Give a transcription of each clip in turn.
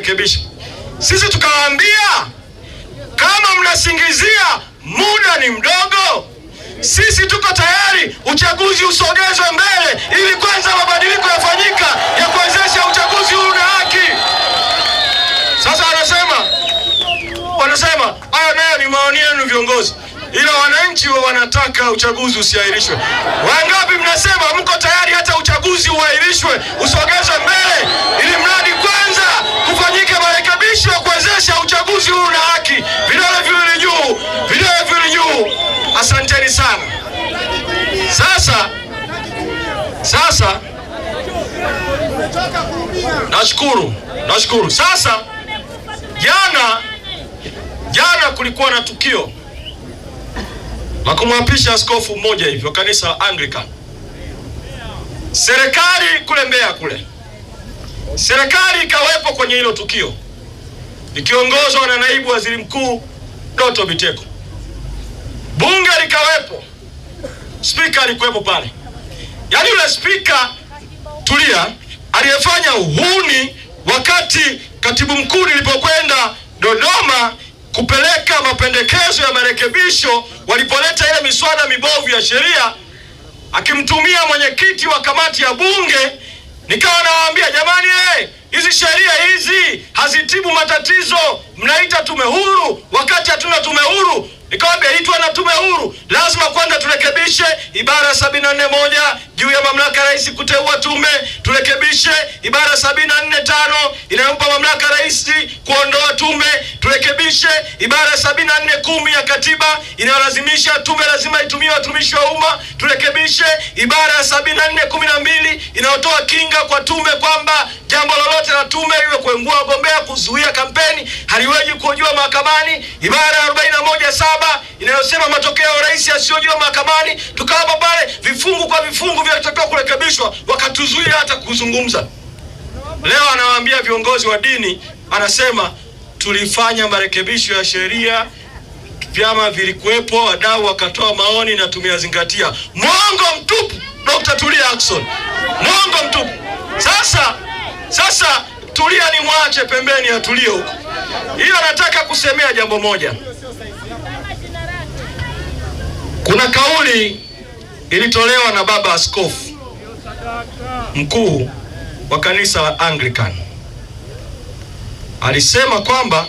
kurekebisha. Sisi tukawaambia kama mnasingizia muda ni mdogo, sisi tuko tayari uchaguzi usogezwe mbele, ili kwanza mabadiliko yafanyika ya kuwezesha uchaguzi huu na haki. Sasa wanasema wanasema haya nayo ni maoni yenu viongozi, ila wananchi wa wanataka uchaguzi usiahirishwe. Wangapi mnasema mko tayari hata uchaguzi uahirishwe usogezwe mbele ili mradi uchaguzi huu na haki. Vidole viwili juu, vidole viwili juu. Asanteni sana. Sasa sasa, nashukuru nashukuru. Sasa jana jana kulikuwa na tukio la kumwapisha askofu mmoja hivi wa kanisa la Anglican serikali kule Mbeya kule, serikali ikawepo kwenye hilo tukio ikiongozwa na naibu waziri mkuu Doto Biteko. Bunge likawepo, spika alikuwepo pale, yaani yule spika Tulia aliyefanya uhuni wakati katibu mkuu nilipokwenda Dodoma kupeleka mapendekezo ya marekebisho, walipoleta ile miswada mibovu ya sheria, akimtumia mwenyekiti wa kamati ya bunge, nikawa na Hizi sheria hizi hazitibu matatizo, mnaita tume huru wakati hatuna tume huru. Nikawambia hii na tume huru, lazima kwanza turekebishe ibara ya sabini na nne moja juu ya mamlaka rais kuteua tume, turekebishe ibara sabini na nne tano inayompa mamlaka rais kuondoa tume, turekebishe ibara sabini na nne kumi ya katiba inayolazimisha tume lazima itumie watumishi wa umma, turekebishe ibara ya sabini na nne kumi na mbili inayotoa kinga kwa tume kwamba jambo lolote la tume, iwe kuengua wagombea, kuzuia kampeni, haliwezi kuojua mahakamani. Ibara ya arobaini na moja saba inayosema matokeo ya rais yasiyojua mahakamani, tukawapa pale vifungu kwa vifungu vinavyotakiwa kurekebishwa, wakatuzuia hata kuzungumza. Leo anawaambia viongozi wa dini, anasema tulifanya marekebisho ya sheria, vyama vilikuwepo, wadau wakatoa maoni na tumeyazingatia. Mwongo mtupu, Dr. Tulia Ackson, mwongo mtupu. Sasa sasa Tulia ni mwache pembeni, atulie huko. Hiyo nataka kusemea jambo moja. Kuna kauli ilitolewa na baba askofu mkuu wa kanisa la Anglican, alisema kwamba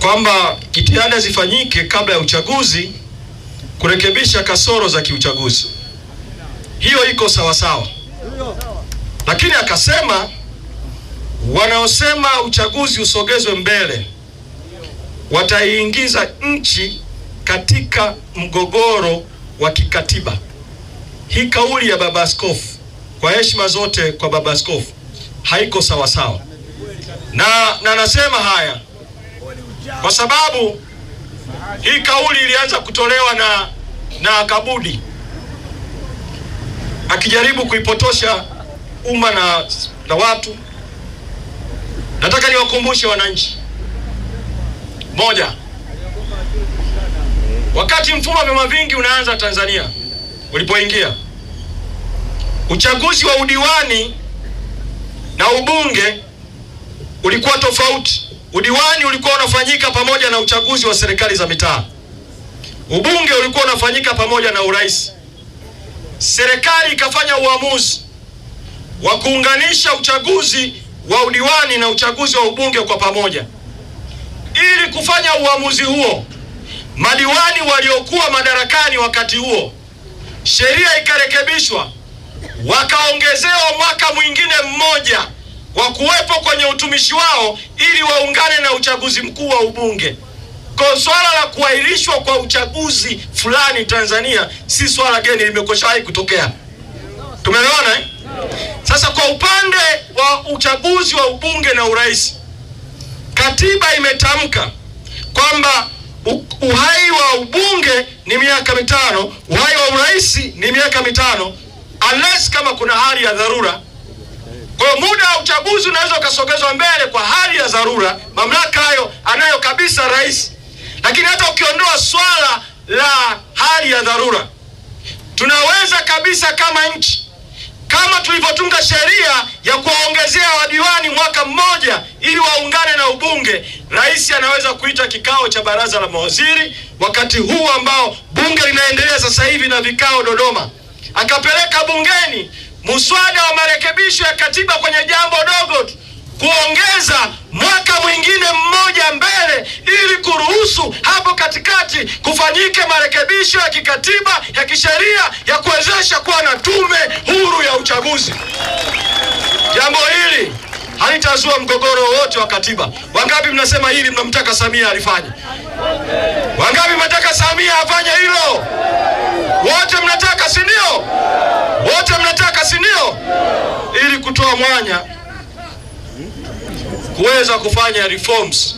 kwamba jitihada zifanyike kabla ya uchaguzi kurekebisha kasoro za kiuchaguzi. Hiyo iko sawasawa sawa. Lakini akasema wanaosema uchaguzi usogezwe mbele wataiingiza nchi katika mgogoro wa kikatiba. Hii kauli ya baba askofu, kwa heshima zote kwa baba askofu, haiko sawa sawa, na na nasema haya kwa sababu hii kauli ilianza kutolewa na na Kabudi akijaribu kuipotosha umma na, na watu. Nataka niwakumbushe wananchi, moja, wakati mfumo wa vyama vingi unaanza Tanzania ulipoingia uchaguzi wa udiwani na ubunge ulikuwa tofauti. Udiwani ulikuwa unafanyika pamoja na uchaguzi wa serikali za mitaa, ubunge ulikuwa unafanyika pamoja na urais serikali ikafanya uamuzi wa kuunganisha uchaguzi wa udiwani na uchaguzi wa ubunge kwa pamoja. Ili kufanya uamuzi huo, madiwani waliokuwa madarakani wakati huo, sheria ikarekebishwa, wakaongezewa mwaka mwingine mmoja wa kuwepo kwenye utumishi wao ili waungane na uchaguzi mkuu wa ubunge. Kwa swala la kuahirishwa kwa uchaguzi fulani Tanzania si swala geni, limekoshawahi kutokea. Tumeona eh? Sasa kwa upande wa uchaguzi wa ubunge na urais, katiba imetamka kwamba uhai wa ubunge ni miaka mitano, uhai wa urais ni miaka mitano, unless kama kuna hali ya dharura. Kwa muda wa uchaguzi unaweza ukasogezwa mbele kwa hali ya dharura, mamlaka hayo anayo kabisa rais. Lakini hata ukiondoa swala la hali ya dharura, tunaweza kabisa kama nchi kama tulivyotunga sheria ya kuwaongezea wadiwani mwaka mmoja ili waungane na ubunge, rais anaweza kuita kikao cha baraza la mawaziri wakati huu ambao bunge linaendelea sasa hivi na vikao Dodoma, akapeleka bungeni mswada wa marekebisho ya katiba kwenye jambo dogo tu kuongeza ili kuruhusu hapo katikati kufanyike marekebisho ya kikatiba ya kisheria ya kuwezesha kuwa na tume huru ya uchaguzi. Jambo hili halitazua mgogoro wowote wa katiba. Wangapi mnasema hili mnamtaka Samia alifanye? Wangapi mnataka Samia afanye hilo? Wote mnataka, si ndio? Wote mnataka, si ndio? Ili kutoa mwanya kuweza kufanya reforms